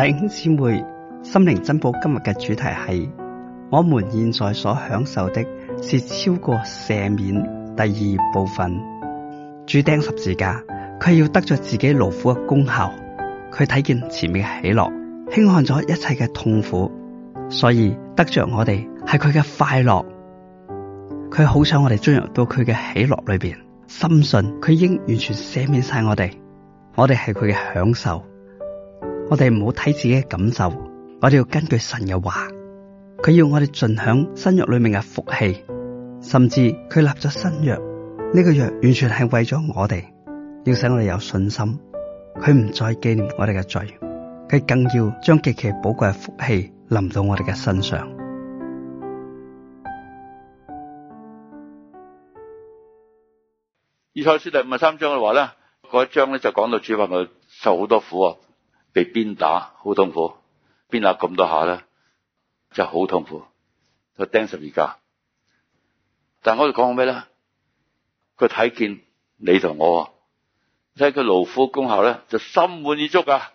弟兄姊妹心靈珍寶，今日嘅主題係，我們現在所享受的，是超過赦免第二部分。主釘十字架，佢要得着自己勞苦嘅功效，佢睇見前面嘅喜樂，輕看咗一切嘅痛苦，所以得着我哋係佢嘅快樂。佢好想我哋進入到佢嘅喜樂裏邊，深信佢應完全赦免晒我哋，我哋係佢嘅享受。我哋唔好睇自己嘅感受，我哋要根據神嘅話。佢要我哋盡享新約裡面嘅福氣，甚至佢立咗新約，呢、這個約完全係為咗我哋，要使我哋有信心。佢唔再紀念我哋嘅罪，佢更要將極其寶貴嘅福氣臨到我哋嘅身上。以賽亞書第五十三章嘅話咧，嗰一章咧就講到主僕佢受好多苦。啊。被鞭打好痛苦，鞭打咁多下咧，真係好痛苦。就釘十字架，但係我哋講咩咧？佢睇見你同我，即係佢勞苦功效咧，就心滿意足㗎、啊。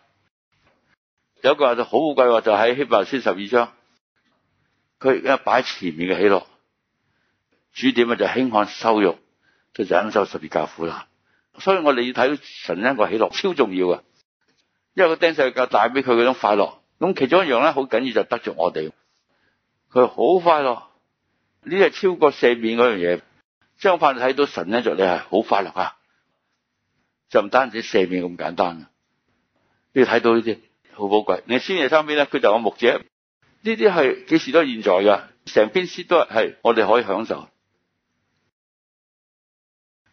有個話就好好貴話，就喺、是、希伯來書十二章，佢擺擺前面嘅喜樂主點啊就輕看羞辱，佢忍受十字架苦啦，所以我哋要睇到神一個喜樂超重要㗎。因為個釘十字架帶俾佢嗰種快樂，咁其中一樣咧好緊要就着，就得著我哋。佢好快樂，呢啲係超過赦免嗰樣嘢，即係你睇到神呢，就你係好快樂啊，就唔單止赦免咁簡單。你要睇到呢啲好寶貴。你先嘢三邊咧，佢就有牧者。呢啲係幾時都現在㗎。成篇詩都係我哋可以享受。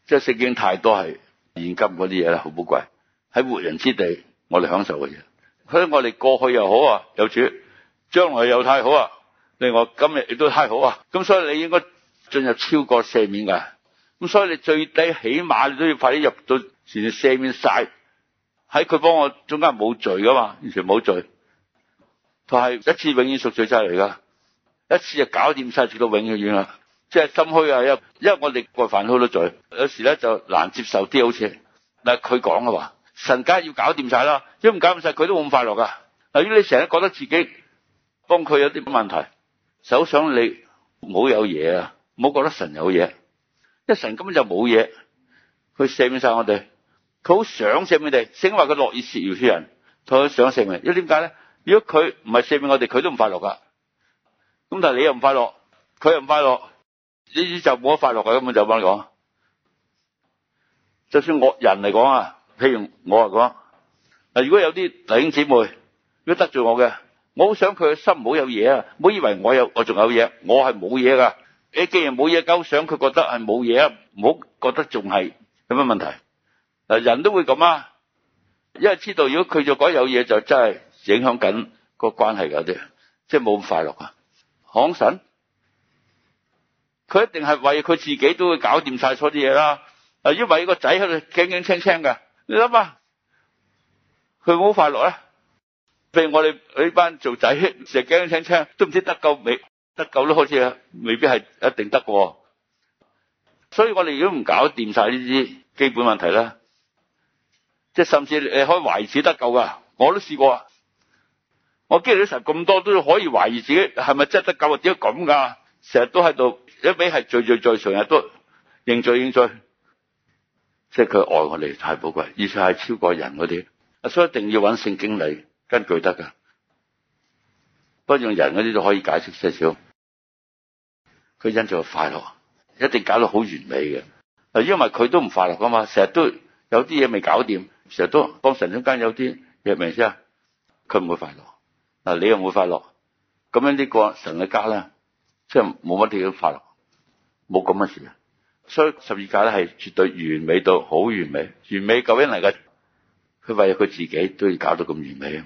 即係聖經太多係現今嗰啲嘢啦，好寶貴喺活人之地。我哋享受嘅嘢，喺我哋過去又好啊，有主；將來又太好啊，另外今日亦都太好啊。咁所以你應該進入超過赦免㗎。咁所以你最低起碼你都要快啲入到前面赦免曬，喺佢幫我中間冇罪噶嘛，完全冇罪，佢係一次永遠贖罪晒嚟噶，一次就搞掂曬，直到永遠啊。即係心虛啊，因因為我哋過犯好多罪，有時咧就難接受啲，好似嗱佢講嘅話。神梗係要搞掂晒啦，因為唔搞掂晒，佢都冇咁快樂噶。由於你成日覺得自己幫佢有啲乜問題，就想你冇有嘢啊，冇覺得神有嘢，因為神根本就冇嘢，佢赦免晒我哋，佢好想赦免你，成日話佢樂意饒恕人，佢想赦免。因為點解咧？如果佢唔係赦免我哋，佢都唔快樂噶。咁但係你又唔快樂，佢又唔快樂，呢啲就冇得快樂噶。根本就咁樣講，就算惡人嚟講啊。譬如我話講嗱，如果有啲弟兄姊妹如果得罪我嘅，我好想佢嘅心唔好有嘢啊，唔好以為我有，我仲有嘢，我係冇嘢噶。誒，既然冇嘢，夠想佢覺得係冇嘢啊，唔好覺得仲係有咩問題。嗱，人都會咁啊，因為知道如果佢再講有嘢，就真係影響緊個關係嘅，有啲即係冇咁快樂啊。行神，佢一定係為佢自己都會搞掂晒所有嘢啦。嗱，因為個仔喺度驚驚青青嘅。你諗啊，佢好唔好快樂咧？譬如我哋呢班做仔，成日驚驚青青，都唔知得夠未？得夠咧，好似未必係一定得嘅。所以我哋如果唔搞掂晒呢啲基本問題啦，即係甚至你可以懷疑自己得夠噶，我都試過。我經歷咗成日咁多，都可以懷疑自己係咪真係得夠啊？點解咁噶？成日都喺度一味係罪罪罪，成日都認罪認罪。認即係佢愛我哋太寶貴，而且係超過人嗰啲，所以一定要搵聖經嚟根據得噶不過用人嗰啲就可以解釋少少。佢因着快樂，一定搞到好完美嘅。因為佢都唔快樂噶嘛成日都有啲嘢未搞掂，成日都幫神中間有啲，你明唔明先啊？佢唔會快樂，你又唔會快樂，咁樣呢個神嘅家呢，即係冇乜嘢要快樂，冇咁嘅事所以十字架咧係絕對完美到好完美，完美的！究竟嚟夠佢為佢自己都要搞到咁完美，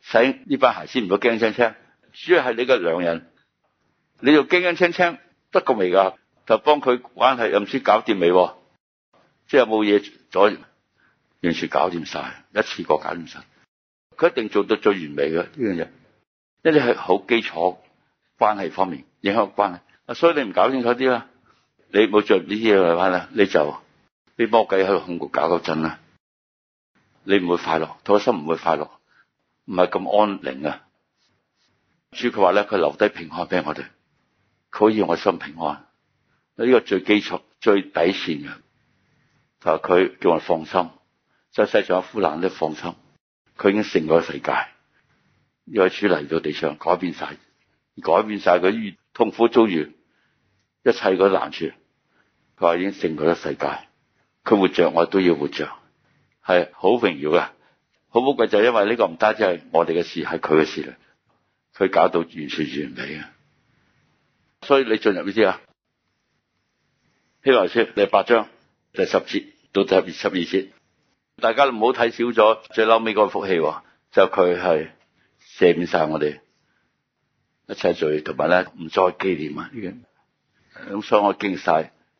使呢班孩子唔好驚驚青青。主要係你個良人，你又驚驚青青得個未㗎？就幫佢關係又唔知搞掂未？即係冇嘢阻，完全搞掂晒，一次過搞掂晒，佢一定做到最完美嘅呢樣嘢，一啲係好基礎關係方面影響關係。啊，所以你唔搞清楚啲啦。你冇着呢啲嘢嚟翻啦，你就俾魔鬼喺度控局搞嗰陣啦。你唔會快樂，頭心唔會快樂，唔係咁安寧嘅。主佢話咧，佢留低平安俾我哋，佢可以讓我心平安。呢個最基礎、最底線嘅，就係佢叫我放心。就係世上有苦難都放心，佢已經勝過世界。因為主嚟到地上改變曬、改變曬佢痛苦遭遇一切嗰啲難處。佢話已經勝過咗世界，佢活着我都要活着，係好榮耀嘅，好寶貴，就因為呢個唔單止係我哋嘅事，係佢嘅事嚟。佢搞到完全完美啊！所以你進入呢啲啊，希伯來書第八章第十節到第十二十二節，大家唔好睇少咗最嬲尾嗰個福氣，就佢係赦免晒我哋一切罪，同埋咧唔再紀念啊！咁所以我經晒。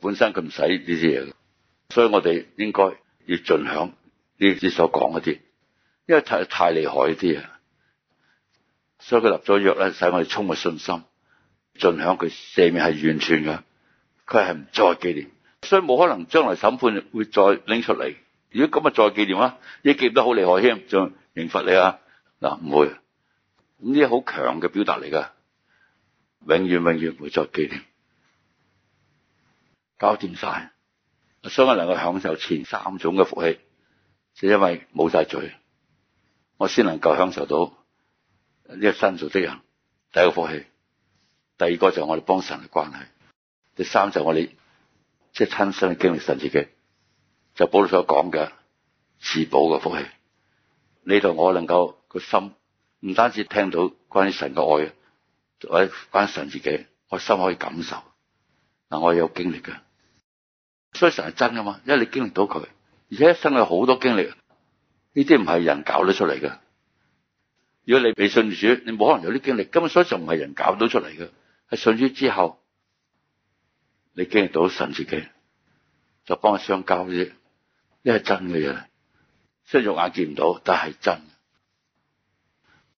本身佢唔使呢啲嘢，所以我哋應該要盡享呢啲所講嗰啲，因為太太厲害啲啊，所以佢立咗約咧，使我哋充滿信心，盡享佢赦免係完全嘅，佢係唔再紀念，所以冇可能將來審判會再拎出嚟。如果今日再紀念記啊，你記得好厲害添，仲刑罰你啊嗱，唔會，咁呢啲好強嘅表達嚟噶，永遠永遠唔會再紀念。搞掂晒，所以我能夠享受前三種嘅福氣，就是，因為冇晒罪，我先能夠享受到呢個新造的人，第一個福氣。第二個就是我哋幫神嘅關係，第三就是我哋即係親身經歷神自己，就保羅所講嘅自保嘅福氣。呢度我能夠個心唔單止聽到關於神嘅愛，或者關於神自己，我心可以感受嗱，我有經歷嘅。所以神係真噶嘛，因為你經歷到佢，而且一生有好多經歷，呢啲唔係人搞得出嚟嘅。如果你未信主，你冇可能有啲經歷，根本所以就唔係人搞到出嚟嘅，係信主之後，你經歷到神自己，就幫佢相交啫，呢係真嘅嘢，雖然肉眼見唔到，但係真的。